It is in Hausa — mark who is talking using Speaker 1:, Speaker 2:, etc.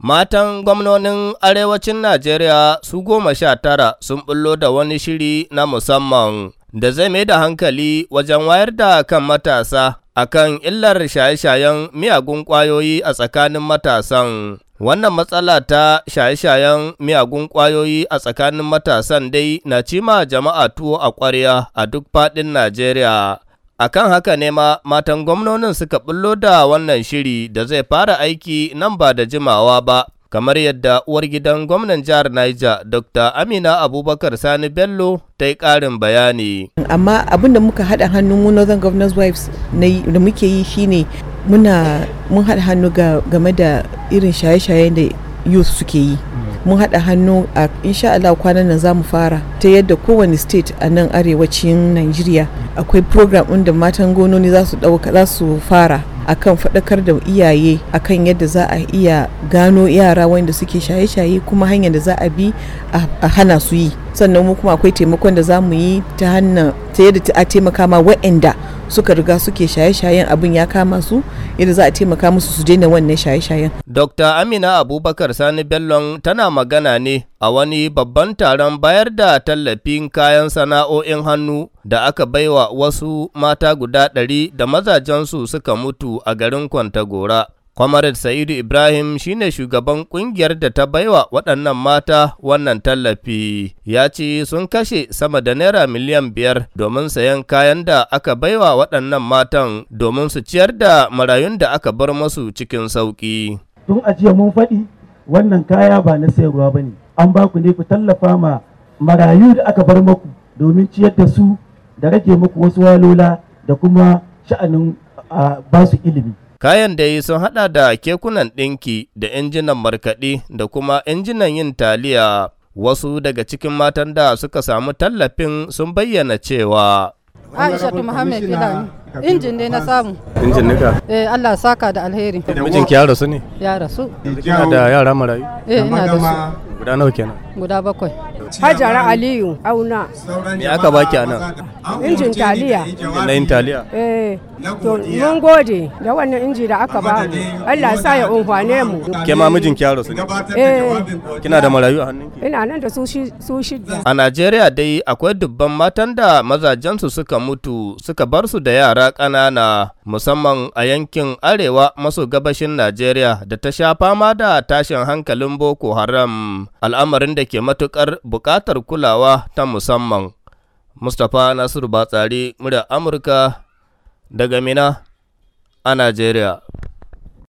Speaker 1: Matan gwamnonin Arewacin Najeriya su goma sha tara sun bullo da wani shiri na musamman da zai mai da hankali wajen wayar da kan matasa a kan illar shaye-shayen miyagun ƙwayoyi a tsakanin matasan. Wannan matsala ta shaye-shayen miyagun ƙwayoyi a tsakanin matasan dai na cima jama'a tuwo a ƙwarya a duk faɗin Najeriya. a kan haka ne ma matan gwamnonin suka bullo da wannan shiri da zai fara aiki nan ba da jimawa ba, kamar yadda uwar gidan gwamnan jihar Niger Dr. Amina Abubakar Sani Bello ta yi ƙarin bayani.
Speaker 2: Amma abin da muka haɗa hannun mu Northern Governors Wives da muke yi shine muna mun haɗa hannu game da irin shaye-shayen da youth suke yi. mun haɗa hannu a insha Allah kwanan nan za mu fara ta yadda kowane state a nan arewacin Najeriya akwai program inda matan gononi za su za su fara akan faɗakar da iyaye akan yadda za a iya gano yara wanda suke shaye-shaye kuma hanyar da za a bi a hana su yi sannan mu kuma akwai taimakon da za mu yi ta hannun ta yadda a taimaka ma wa'anda suka riga suke shaye-shayen abin ya kama su yadda za a taimaka musu su daina wannan shaye-shayen.
Speaker 1: Dr. Amina Abubakar Sani Bellon tana magana ne a wani babban taron bayar da tallafin kayan sana'o'in hannu da aka baiwa wasu mata guda ɗari da mazajensu suka mutu a garin Kwantagora. Comrade Sa'idu Ibrahim shine shugaban ƙungiyar da ta baiwa waɗannan mata wannan tallafi. Ya ce sun kashe sama da naira miliyan biyar domin sayan kayan da aka baiwa waɗannan matan domin su ciyar da marayun da aka bar masu cikin sauƙi.
Speaker 2: Tun ajiya mun faɗi wannan kaya ba na sayarwa ba ne, an ba ku ne ku tallafa ma marayu da aka bar maku domin ciyar da su da rage muku wasu walola da kuma sha'anin ba
Speaker 1: ilimi. Kayan da yi sun haɗa da kekunan ɗinki da injinan markaɗi da kuma injinan yin taliya. Wasu daga cikin matan da suka samu tallafin sun bayyana cewa.
Speaker 2: Aisha Muhammad Filani, injin ne na samu. Injin nika? Eh, Allah saka da alheri. Mijinki ya rasu ne? Ya rasu.
Speaker 1: Kina eh, da yara marayu? Eh, ina da su. Guda nawa kenan?
Speaker 2: Guda bakwai. Hajara Aliyu Auna. Me aka baki a nan? Injin taliya. Injin taliya. Eh. To mun gode da wannan inji da aka ba mu. Allah sa ya umfane mu. Ke ma
Speaker 1: mijin kyaro ne. Eh. Kina da marayu a hannunki?
Speaker 2: Ina nan da su da.
Speaker 1: A Najeriya dai akwai dubban matan da mazajensu suka mutu suka bar su da yara ƙanana musamman a yankin arewa maso gabashin Najeriya da ta sha fama da tashin hankalin Boko Haram al'amarin da ke matukar buƙatar buƙatar kulawa ta musamman. Mustapha Nasiru Batsari, murya Amurka daga Mina a Najeriya.